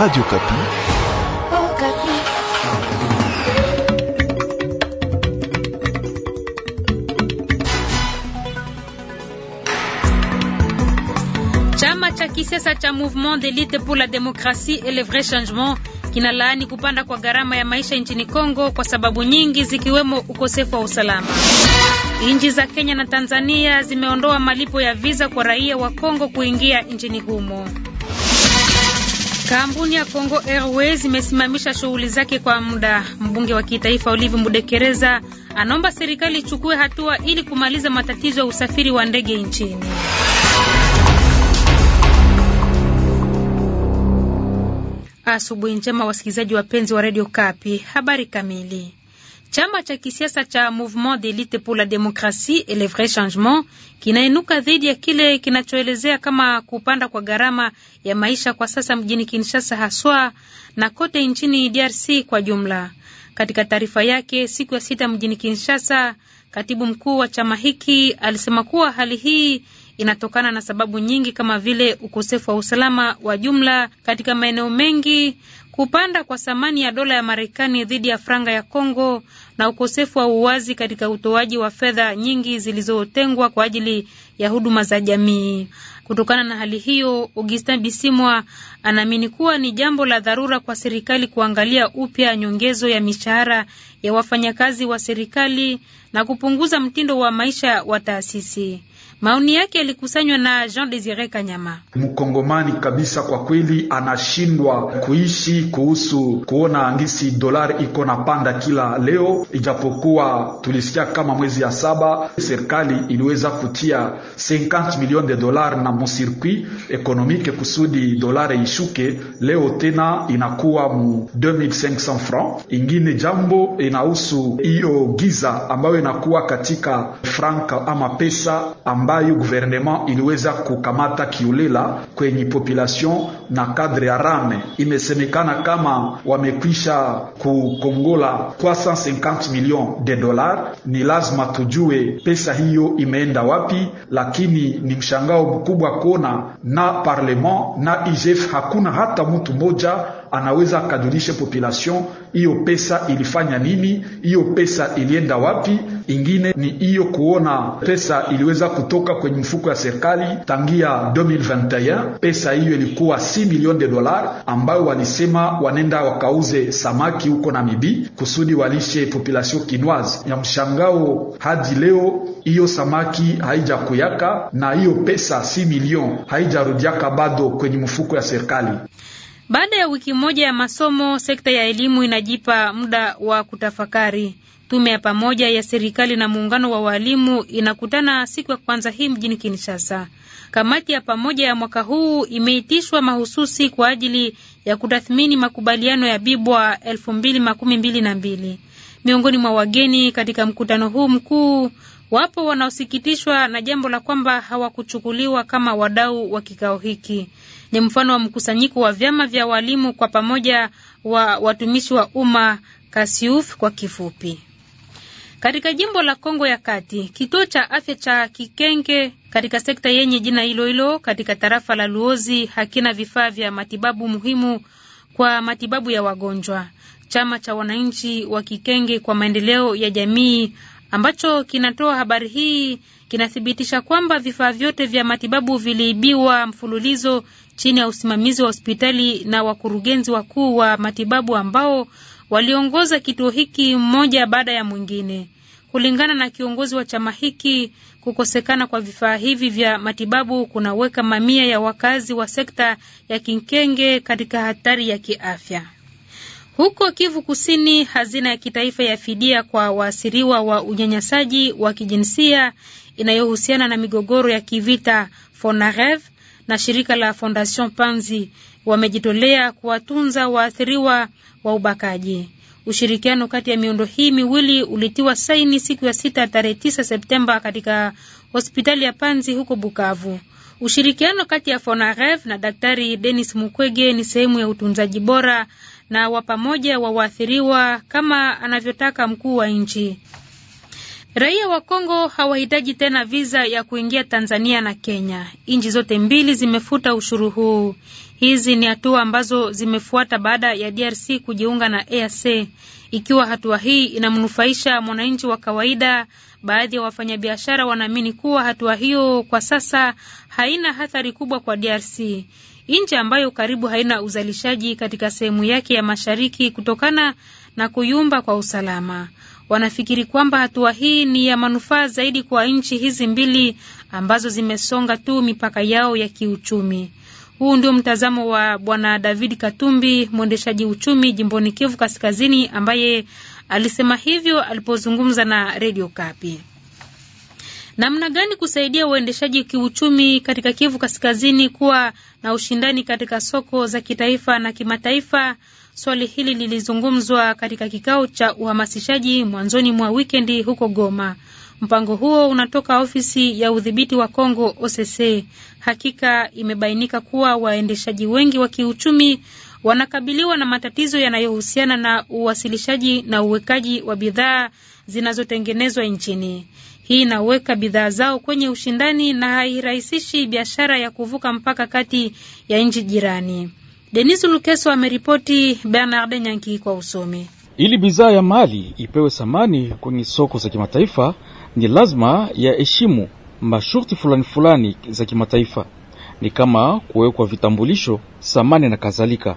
Radio Kapi. Oh, Kapi. Chama cha kisiasa cha Mouvement Lutte pour la Démocratie et le Vrai Changement kinalaani kupanda kwa gharama ya maisha nchini Kongo kwa sababu nyingi zikiwemo ukosefu wa usalama. Nchi za Kenya na Tanzania zimeondoa malipo ya visa kwa raia wa Kongo kuingia nchini humo. Kampuni ya Congo Airways imesimamisha shughuli zake kwa muda. Mbunge wa kitaifa Olive Mudekereza anaomba serikali ichukue hatua ili kumaliza matatizo ya usafiri wa ndege nchini. Asubuhi njema wasikilizaji wapenzi wa Radio Kapi. Habari kamili. Chama cha kisiasa cha Mouvement d'Elite pour la Democratie et le Vrai Changement kinainuka dhidi ya kile kinachoelezea kama kupanda kwa gharama ya maisha kwa sasa mjini Kinshasa haswa na kote nchini DRC kwa jumla. Katika taarifa yake siku ya sita mjini Kinshasa, katibu mkuu wa chama hiki alisema kuwa hali hii inatokana na sababu nyingi kama vile ukosefu wa usalama wa jumla katika maeneo mengi, kupanda kwa thamani ya dola ya Marekani dhidi ya franga ya Kongo na ukosefu wa uwazi katika utoaji wa fedha nyingi zilizotengwa kwa ajili ya huduma za jamii. Kutokana na hali hiyo, Augustin Bisimwa anaamini kuwa ni jambo la dharura kwa serikali kuangalia upya nyongezo ya mishahara ya wafanyakazi wa serikali na kupunguza mtindo wa maisha wa taasisi. Maoni yake yalikusanywa na Jean Desire Kanyama. Mkongomani kabisa kwa kweli anashindwa kuishi kuhusu kuona angisi dolari iko na panda kila leo, ijapokuwa tulisikia kama mwezi ya saba serikali iliweza kutia 50 milioni de dolari na mosirkui ekonomike kusudi dolari ishuke. Leo tena inakuwa mu 2500 franc. Ingine jambo inahusu hiyo giza ambayo inakuwa katika franka ama pesa ambayo ambayo gouvernement iliweza kukamata kiolela kwenye population na kadre ya rame, imesemekana kama wamekwisha kukongola 350 million de dolar. Ni lazima tujue pesa hiyo imeenda wapi, lakini ni mshangao mkubwa kuona na parlement na IGF hakuna hata mtu mmoja anaweza akajulishe population hiyo pesa ilifanya nini, hiyo pesa ilienda wapi. Ingine ni hiyo kuona pesa iliweza kutoka kwenye mfuko ya serikali tangia 2021 pesa hiyo ilikuwa 6 milioni de dollars, ambayo walisema wanenda wakauze samaki huko mibi kusudi walishe population kinoise. Ya mshangao hadi leo hiyo samaki haijakuyaka na hiyo pesa 6 milioni haijarudiaka bado kwenye mfuko ya serikali. Baada ya wiki moja ya masomo, sekta ya elimu inajipa muda wa kutafakari. Tume ya pamoja ya serikali na muungano wa walimu inakutana siku ya kwanza hii mjini Kinshasa. Kamati ya pamoja ya mwaka huu imeitishwa mahususi kwa ajili ya kutathmini makubaliano ya Bibwa elfu mbili makumi mbili na mbili. Miongoni mwa wageni katika mkutano huu mkuu wapo wanaosikitishwa na jambo la kwamba hawakuchukuliwa kama wadau wa kikao hiki ni mfano wa mkusanyiko wa vyama vya walimu kwa pamoja wa watumishi wa umma KASIUF kwa kifupi. Katika jimbo la Kongo ya Kati, kituo cha afya cha Kikenge katika sekta yenye jina hilo hilo katika tarafa la Luozi hakina vifaa vya matibabu muhimu kwa matibabu ya wagonjwa. Chama cha wananchi wa Kikenge kwa maendeleo ya jamii ambacho kinatoa habari hii kinathibitisha kwamba vifaa vyote vya matibabu viliibiwa mfululizo chini ya usimamizi wa hospitali na wakurugenzi wakuu wa matibabu ambao waliongoza kituo hiki mmoja baada ya mwingine. Kulingana na kiongozi wa chama hiki, kukosekana kwa vifaa hivi vya matibabu kunaweka mamia ya wakazi wa sekta ya Kinkenge katika hatari ya kiafya. Huko Kivu Kusini, hazina ya kitaifa ya fidia kwa waasiriwa wa unyanyasaji wa kijinsia inayohusiana na migogoro ya kivita Fonarev na shirika la Fondation Panzi wamejitolea kuwatunza waathiriwa wa ubakaji. Ushirikiano kati ya miundo hii miwili ulitiwa saini siku ya sita tarehe tisa Septemba katika hospitali ya Panzi huko Bukavu. Ushirikiano kati ya Fonarev na Daktari Denis Mukwege ni sehemu ya utunzaji bora na wa pamoja wa waathiriwa kama anavyotaka mkuu wa nchi. Raia wa Kongo hawahitaji tena viza ya kuingia Tanzania na Kenya. Nchi zote mbili zimefuta ushuru huu. Hizi ni hatua ambazo zimefuata baada ya DRC kujiunga na EAC. Ikiwa hatua hii inamnufaisha mwananchi wa kawaida, baadhi ya wafanyabiashara wanaamini kuwa hatua hiyo kwa sasa haina athari kubwa kwa DRC, nchi ambayo karibu haina uzalishaji katika sehemu yake ya mashariki kutokana na kuyumba kwa usalama wanafikiri kwamba hatua hii ni ya manufaa zaidi kwa nchi hizi mbili ambazo zimesonga tu mipaka yao ya kiuchumi. Huu ndio mtazamo wa Bwana David Katumbi, mwendeshaji uchumi jimboni Kivu Kaskazini, ambaye alisema hivyo alipozungumza na redio Kapi namna gani kusaidia uendeshaji kiuchumi katika Kivu Kaskazini kuwa na ushindani katika soko za kitaifa na kimataifa. Swali hili lilizungumzwa katika kikao cha uhamasishaji mwanzoni mwa wikendi huko Goma. Mpango huo unatoka ofisi ya udhibiti wa Kongo OCC. Hakika imebainika kuwa waendeshaji wengi wa kiuchumi wanakabiliwa na matatizo yanayohusiana na uwasilishaji na uwekaji wa bidhaa zinazotengenezwa nchini. Hii inaweka bidhaa zao kwenye ushindani na hairahisishi biashara ya kuvuka mpaka kati ya nchi jirani. Denis Lukeso ameripoti, Bernard Nyanki kwa usomi. Ili bidhaa ya mali ipewe thamani kwenye soko za kimataifa, ni lazima ya heshimu masharti fulani fulani za kimataifa, ni kama kuwekwa vitambulisho, thamani na kadhalika.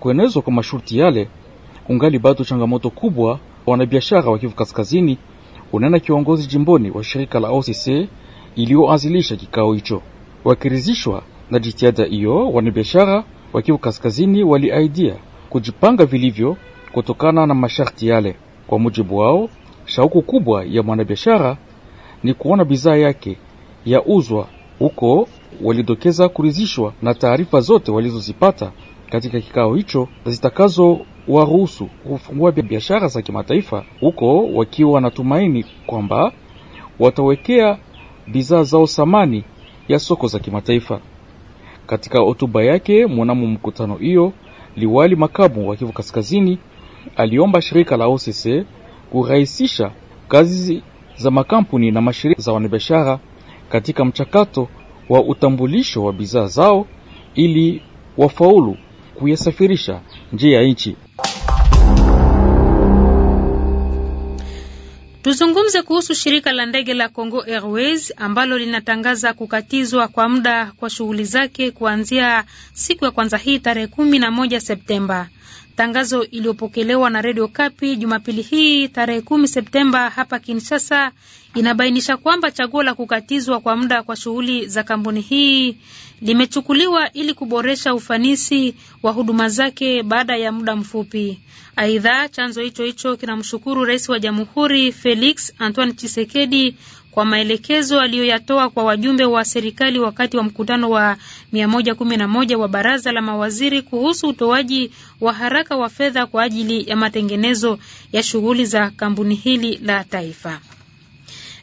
Kuenezwa kwa masharti yale ungali bado changamoto kubwa wanabiashara wa Kivu Kaskazini kunena kiongozi jimboni wa shirika la OCC iliyoanzilisha kikao hicho. Wakirizishwa na jitihada hiyo, wanabiashara wa Kivu Kaskazini waliaidia kujipanga vilivyo kutokana na masharti yale. Kwa mujibu wao, shauku kubwa ya mwanabiashara ni kuona bidhaa yake yauzwa huko. Walidokeza kurizishwa na taarifa zote walizozipata katika kikao hicho zitakazo waruhusu kufungua biashara za kimataifa huko, wakiwa na tumaini kwamba watawekea bidhaa zao thamani ya soko za kimataifa. Katika hotuba yake mwanamo mkutano hiyo, liwali makamu wa Kivu Kaskazini aliomba shirika la OCC kurahisisha kazi za makampuni na mashirika za wanabiashara katika mchakato wa utambulisho wa bidhaa zao ili wafaulu kuyasafirisha nje ya nchi. Tuzungumze kuhusu shirika la ndege la Congo Airways ambalo linatangaza kukatizwa kwa muda kwa shughuli zake kuanzia siku ya kwanza hii tarehe kumi na moja Septemba. Tangazo iliyopokelewa na Radio Kapi Jumapili hii tarehe kumi Septemba hapa Kinshasa inabainisha kwamba chaguo la kukatizwa kwa muda kwa shughuli za kampuni hii limechukuliwa ili kuboresha ufanisi wa huduma zake baada ya muda mfupi. Aidha, chanzo hicho hicho kinamshukuru Rais wa Jamhuri Felix Antoine Tshisekedi kwa maelekezo aliyoyatoa kwa wajumbe wa serikali wakati wa mkutano wa 111 wa baraza la mawaziri kuhusu utoaji wa haraka wa fedha kwa ajili ya matengenezo ya shughuli za kampuni hili la taifa.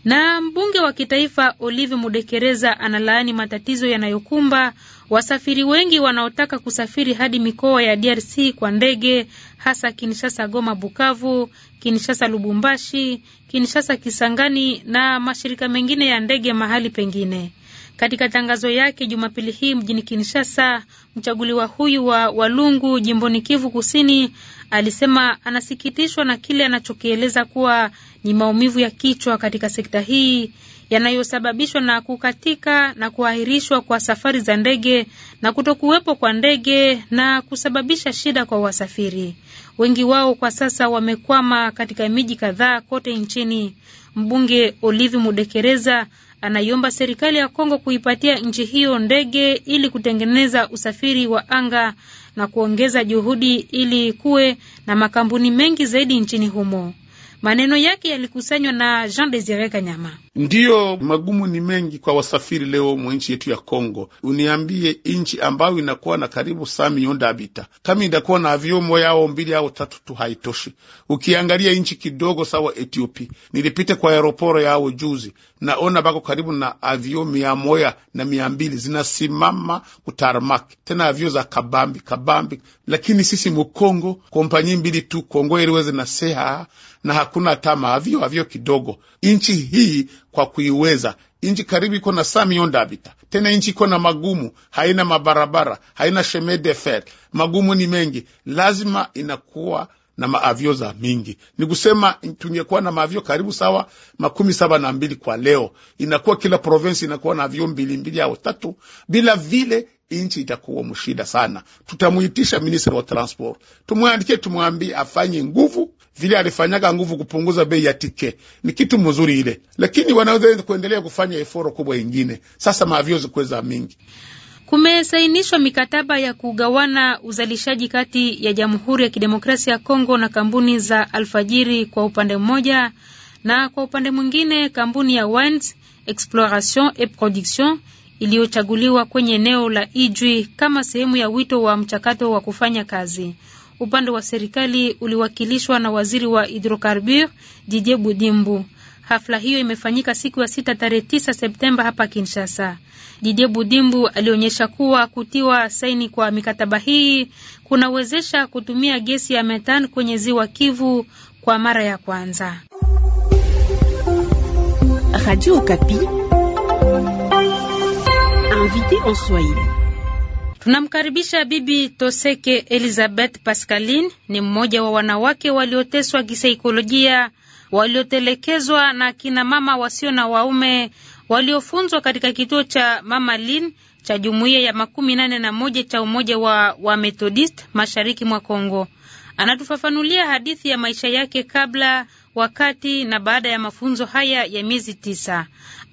Na mbunge wa kitaifa Olive Mudekereza analaani matatizo yanayokumba wasafiri wengi wanaotaka kusafiri hadi mikoa ya DRC kwa ndege, hasa Kinshasa, Goma, Bukavu, Kinshasa, Lubumbashi, Kinshasa, Kisangani na mashirika mengine ya ndege mahali pengine. Katika tangazo yake Jumapili hii mjini Kinshasa, mchaguliwa huyu wa Walungu jimboni Kivu Kusini alisema anasikitishwa na kile anachokieleza kuwa ni maumivu ya kichwa katika sekta hii yanayosababishwa na kukatika na kuahirishwa kwa safari za ndege na kutokuwepo kwa ndege na kusababisha shida kwa wasafiri. Wengi wao kwa sasa wamekwama katika miji kadhaa kote nchini. Mbunge Olivi Mudekereza anaiomba serikali ya Kongo kuipatia nchi hiyo ndege ili kutengeneza usafiri wa anga na kuongeza juhudi ili kuwe na makampuni mengi zaidi nchini humo. Maneno yake yalikusanywa na Jean Desire Kanyama. Ndiyo, magumu ni mengi kwa wasafiri leo mu nchi yetu ya Kongo. Uniambie nchi ambayo inakuwa na karibu saa milioni abita, kama inakuwa na avyomo yao mbili au tatu tu haitoshi. Ukiangalia nchi kidogo sawa Ethiopia, nilipita kwa aeroporo yao juzi, naona bako karibu na avyo mia moya na mia mbili zinasimama kutarmaki, tena avio za kabambi kabambi. Lakini sisi mukongo kompanyi mbili tu Kongo Airways na Seha, na hakuna tama maavyo avyo kidogo. Nchi hii kwa kuiweza. Inji karibu iko na saa mionda dabita tena, inji iko na magumu, haina mabarabara, haina sheme de fer, magumu ni mengi, lazima inakuwa na maavyo za mingi. Ni kusema tungekuwa na maavyo karibu sawa makumi saba na mbili kwa leo, inakuwa kila provensi inakuwa na avyo mbili mbili au tatu, bila vile nchi itakuwa mshida sana. Tutamuitisha ministri wa transport, tumwandikie, tumwambie afanye nguvu vile alifanyaga nguvu kupunguza bei ya tike, ni kitu mzuri ile, lakini wanaweza kuendelea kufanya eforo kubwa ingine. Sasa mavyozi kuweza mingi Kumesainishwa mikataba ya kugawana uzalishaji kati ya Jamhuri ya Kidemokrasia ya Kongo na kampuni za Alfajiri kwa upande mmoja, na kwa upande mwingine kampuni ya Wands Exploration et Production iliyochaguliwa kwenye eneo la Ijwi kama sehemu ya wito wa mchakato wa kufanya kazi. Upande wa serikali uliwakilishwa na waziri wa hidrokarbur Didie Budimbu. Hafla hiyo imefanyika siku ya sita tarehe tisa Septemba hapa Kinshasa. Didie Budimbu alionyesha kuwa kutiwa saini kwa mikataba hii kunawezesha kutumia gesi ya metan kwenye ziwa Kivu kwa mara ya kwanza. Radio Invité en Swahili. Tunamkaribisha Bibi Toseke Elizabeth Pascaline, ni mmoja wa wanawake walioteswa kisaikolojia, waliotelekezwa na kina mama wasio na waume, waliofunzwa katika kituo cha Mama lin cha jumuiya ya makumi nane na moja cha umoja wa Methodist mashariki mwa Kongo. Anatufafanulia hadithi ya maisha yake kabla, wakati na baada ya mafunzo haya ya miezi tisa.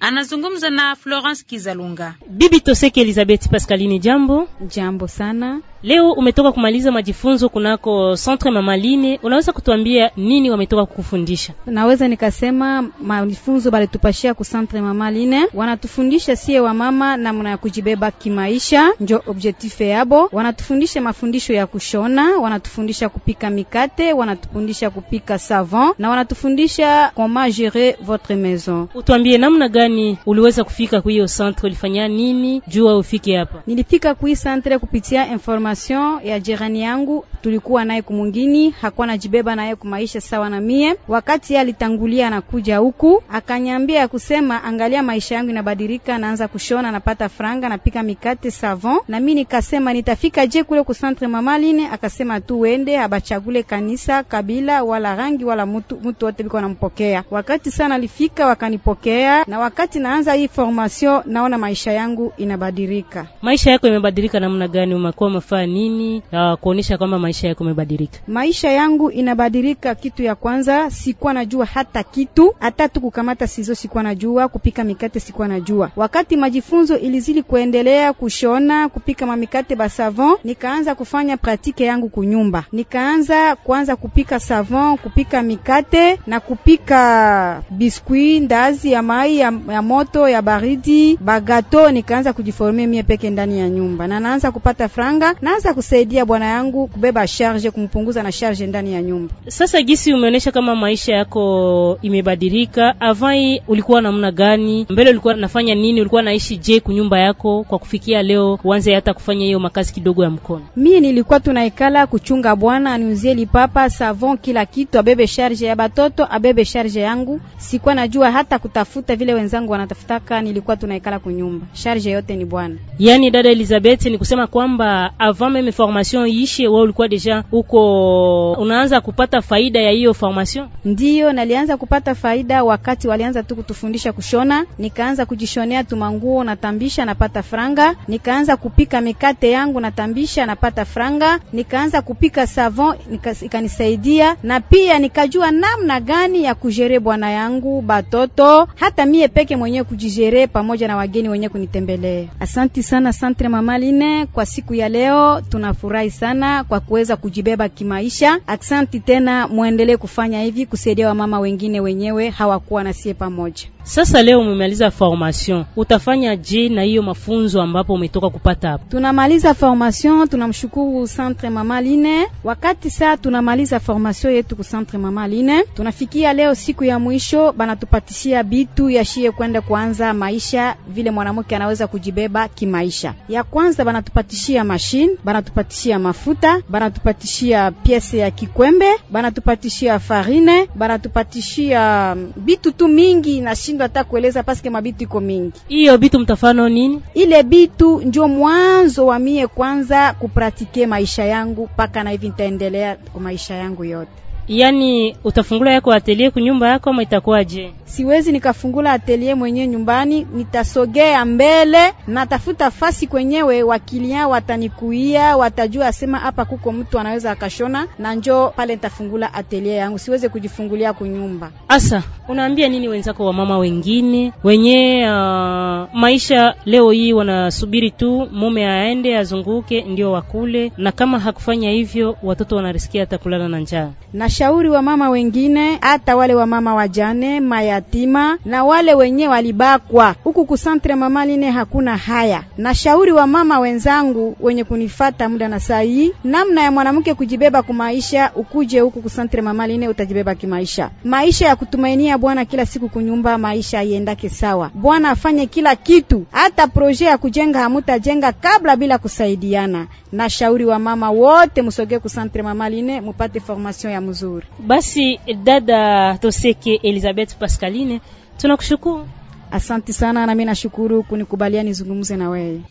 Anazungumza na Florence Kizalunga. Bibi Toseke Elizabeth Pascaline, jambo. Jambo sana. Leo umetoka kumaliza majifunzo kunako Centre Mamaline, unaweza kutuambia nini wametoka kukufundisha? Naweza nikasema majifunzo balitupashia ku Centre Mamaline, wanatufundisha sie wamama namna ya kujibeba kimaisha, njo objectif yabo. Wanatufundisha mafundisho ya kushona, wanatufundisha kupika mikate, wanatufundisha kupika savon na wanatufundisha comment gérer votre maison. Utuambie namna gani uliweza kufika kwa hiyo centre, ulifanya nini jua ufike hapa? Nilifika kwa centre kupitia information information ya jirani yangu, tulikuwa naye kumungini, hakuwa najibeba naye kumaisha sawa na mie. Wakati yeye alitangulia na kuja huku, akanyambia ya kusema, angalia maisha yangu inabadilika, naanza kushona, napata franga, napika mikate savon, na mimi nikasema nitafika je kule ku centre mamaline? Akasema tu wende, abachagule kanisa, kabila wala rangi wala mtu mtu wote biko nampokea. Wakati sana alifika, wakanipokea, na wakati naanza hii formation, naona maisha yangu inabadilika. Maisha yako imebadilika namna gani? umekuwa mafanya nini, ya kuonesha kwamba maisha yako yamebadilika. Maisha yangu inabadilika. Kitu ya kwanza sikuwa najua hata kitu, hata tu kukamata sizo sikuwa najua, kupika mikate sikuwa najua. Wakati majifunzo ilizili kuendelea, kushona, kupika mamikate basavon, nikaanza kufanya pratike yangu kunyumba, nikaanza kuanza kupika savon, kupika mikate na kupika biskuit ndazi ya mai ya, ya moto ya baridi, bagato. Nikaanza kujiformia mie peke ndani ya nyumba na naanza kupata franga na Nilianza kusaidia bwana yangu kubeba charge, kumpunguza na charge ndani ya nyumba. Sasa gisi umeonyesha kama maisha yako imebadilika. Avai ulikuwa namna gani? Mbele ulikuwa nafanya nini? Ulikuwa naishi je kunyumba yako kwa kufikia leo uanze hata kufanya hiyo makazi kidogo ya mkono? Mimi nilikuwa tunaikala kuchunga bwana aniuzie lipapa, savon, kila kitu, abebe charge ya batoto, abebe charge yangu. Sikuwa najua hata kutafuta vile wenzangu wanatafutaka, nilikuwa tunaikala kunyumba, charge yote ni bwana. Yani dada Elizabeth, ni kusema kwamba avant meme formation iishe, wao ulikuwa deja uko unaanza kupata faida ya hiyo formation? Ndiyo, nalianza kupata faida wakati walianza tu kutufundisha kushona, nikaanza kujishonea tumanguo, natambisha napata franga, nikaanza kupika mikate yangu, natambisha napata franga, nikaanza kupika savon ikanisaidia, na pia nikajua namna gani ya kujere bwana yangu batoto, hata mie peke mwenyewe kujijere pamoja na wageni wenye kunitembelea. Asanti sana Santre Mamaline kwa siku ya leo tunafurahi sana kwa kuweza kujibeba kimaisha. Aksanti tena, mwendelee kufanya hivi kusaidia wamama wengine wenyewe hawakuwa na sie pamoja. Sasa leo umemaliza formation, utafanya je na hiyo mafunzo ambapo umetoka kupata hapo? Tunamaliza formation, tunamshukuru Centre Mama Line. Wakati saa tunamaliza formation yetu ku Centre Mama Line, tunafikia leo siku ya mwisho, banatupatishia bitu yashie kwenda kuanza maisha vile mwanamke anaweza kujibeba kimaisha. Ya kwanza banatupatishia mashine, banatupatishia mafuta, banatupatishia piese ya kikwembe, banatupatishia farine, banatupatishia bitu tu mingi na nashindwa hata kueleza paske mabitu iko mingi. Hiyo bitu mtafano nini? Ile bitu ndio mwanzo wa mie kwanza kupratike maisha yangu mpaka na hivi nitaendelea kwa maisha yangu yote yani utafungula yako atelier kunyumba yako ama itakuwaje? Siwezi nikafungula atelier mwenye nyumbani, nitasogea mbele na tafuta fasi kwenyewe wakilia watanikuia, watajua asema hapa kuko mtu anaweza akashona, na njo pale nitafungula atelier yangu, siweze kujifungulia kunyumba. Asa, unaambia nini wenzako wa mama wengine wenye uh, maisha leo hii wanasubiri tu mume aende azunguke ndio wakule, na kama hakufanya hivyo watoto wanarisikia hata kulala na njaa na washauri wa mama wengine, hata wale wa mama wajane, mayatima na wale wenye walibakwa. Huku kusantre mama line hakuna haya. Na shauri wa mama wenzangu wenye kunifata muda na saa hii, namna ya mwanamke kujibeba kumaisha, ukuje huku kusantre mama line utajibeba kimaisha, maisha ya kutumainia Bwana kila siku kunyumba, maisha iendake sawa. Bwana afanye kila kitu, hata proje ya kujenga hamutajenga kabla bila kusaidiana. Na shauri wa mama wote, msogee kusantre mama line mupate formation ya mzuri nzuri. Basi dada Toseke Elizabeth Pascaline, tunakushukuru. asante sana, nami nashukuru kunikubalia nizungumze na wewe.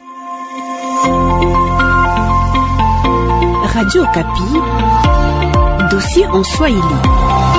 Radio Kapi, dossier en Swahili.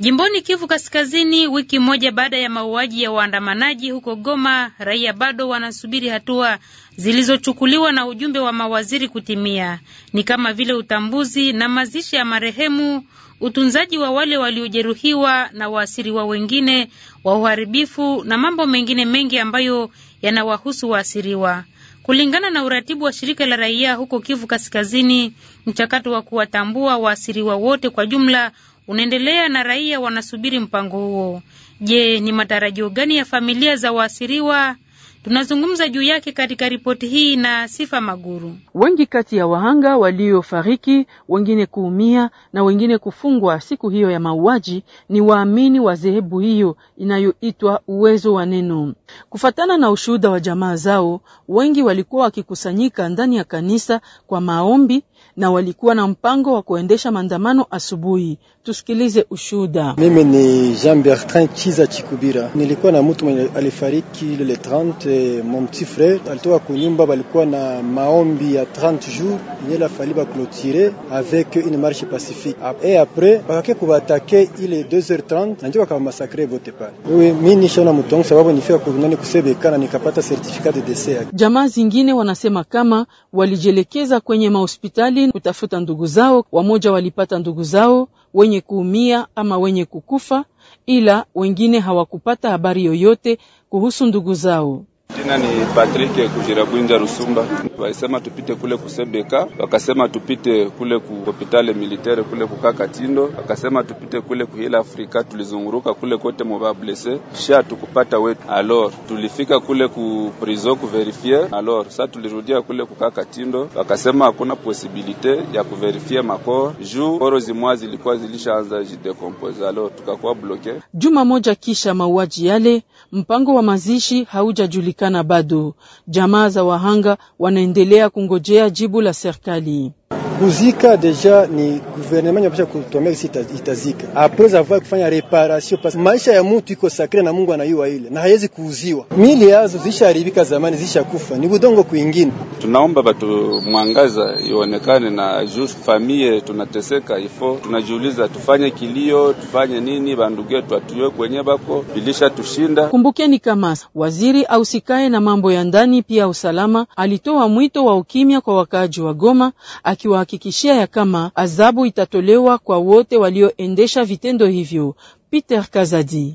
Jimboni Kivu Kaskazini, wiki moja baada ya mauaji ya waandamanaji huko Goma, raia bado wanasubiri hatua zilizochukuliwa na ujumbe wa mawaziri kutimia, ni kama vile utambuzi na mazishi ya marehemu, utunzaji wa wale waliojeruhiwa na waasiriwa wengine wa uharibifu na mambo mengine mengi ambayo yanawahusu waasiriwa. Kulingana na uratibu wa shirika la raia huko Kivu Kaskazini, mchakato wa kuwatambua waasiriwa wote kwa jumla unaendelea na raia wanasubiri mpango huo. Je, ni matarajio gani ya familia za waasiriwa? Tunazungumza juu yake katika ripoti hii na Sifa Maguru. Wengi kati ya wahanga waliofariki, wengine kuumia na wengine kufungwa siku hiyo ya mauaji ni waamini wa dhehebu hiyo inayoitwa Uwezo wa Neno. Kufatana na ushuhuda wa jamaa zao, wengi walikuwa wakikusanyika ndani ya kanisa kwa maombi na walikuwa na mpango wa kuendesha maandamano asubuhi, Tusikilize ushuda. Mimi ni Jean Bertrand Chiza Chikubira, nilikuwa na mtu mwenye alifariki lele 30 eh, mon petit frere alitoka kunyumba, balikuwa na maombi ya 30 jours yela fali baklotire avec une marche pacifique e apres bakake kubatake ile 2h30 bakaba bakabamasakre vote pale. Oui, mi nishaona mtu sababu nifika kunani kusebekana nikapata certificat de décès. Jamaa zingine wanasema kama walijielekeza kwenye mahospitali kutafuta ndugu zao, wamoja walipata ndugu zao wenye kuumia ama wenye kukufa, ila wengine hawakupata habari yoyote kuhusu ndugu zao. Jina ni Patrick Kujirabwinja Rusumba. waisema tupite kule kusebeka, wakasema tupite kule ku hopitale militaire kule kukaa katindo wakasema tupite kule kuhila Afrika. Tulizunguruka kule kote moba blesse sha tukupata wetu. Alors tulifika kule ku prison ku verifier. Alors sa tulirudia kule kukaa Katindo, wakasema hakuna posibilite ya ku verifier makoro juu koro zimwa zilikuwa zilishaanza jidekompose. Alors tukakuwa bloke. Juma moja kisha mauaji yale Mpango wa mazishi haujajulikana bado. Jamaa za wahanga wanaendelea kungojea jibu la serikali kuzika deja ni guvernement inapasha kutomea kisi itazika apres avoir kufanya reparation, parce maisha ya mtu iko sakre na Mungu anaiwa ile na haiwezi kuuziwa. Mili yazo zishaharibika zamani, zishakufa ni budongo kwingine. Tunaomba batu mwangaza ionekane na just famille, tunateseka ifo, tunajiuliza tufanye kilio, tufanye nini? Bandugu yetu atuwe kwenye bako bilisha tushinda. Kumbukeni kama waziri ausikae na mambo ya ndani pia usalama alitoa mwito wa ukimya kwa wakaaji wa Goma akiwa kuwahakikishia ya kama adhabu itatolewa kwa wote walioendesha vitendo hivyo. Peter Kazadi.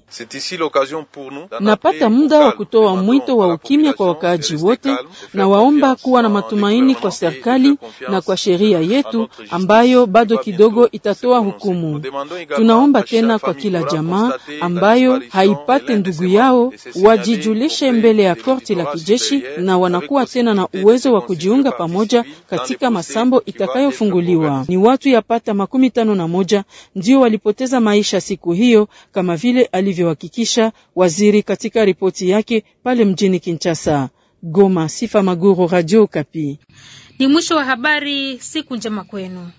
Napata muda wa kutoa mwito wa ukimya kwa wakaaji wote na waomba kuwa na matumaini kwa serikali na kwa sheria yetu ambayo bado kidogo itatoa hukumu. Tunaomba tena kwa kila jamaa ambayo haipate ndugu yao wajijulishe mbele ya korti la kijeshi na wanakuwa tena na uwezo wa kujiunga pamoja katika masambo itakayofunguliwa. Ni watu yapata makumi tano na moja ndio walipoteza maisha siku hiyo kama vile alivyohakikisha waziri katika ripoti yake pale mjini Kinshasa. Goma, Sifa Maguru, Radio Kapi. Ni mwisho wa habari. Siku njema kwenu.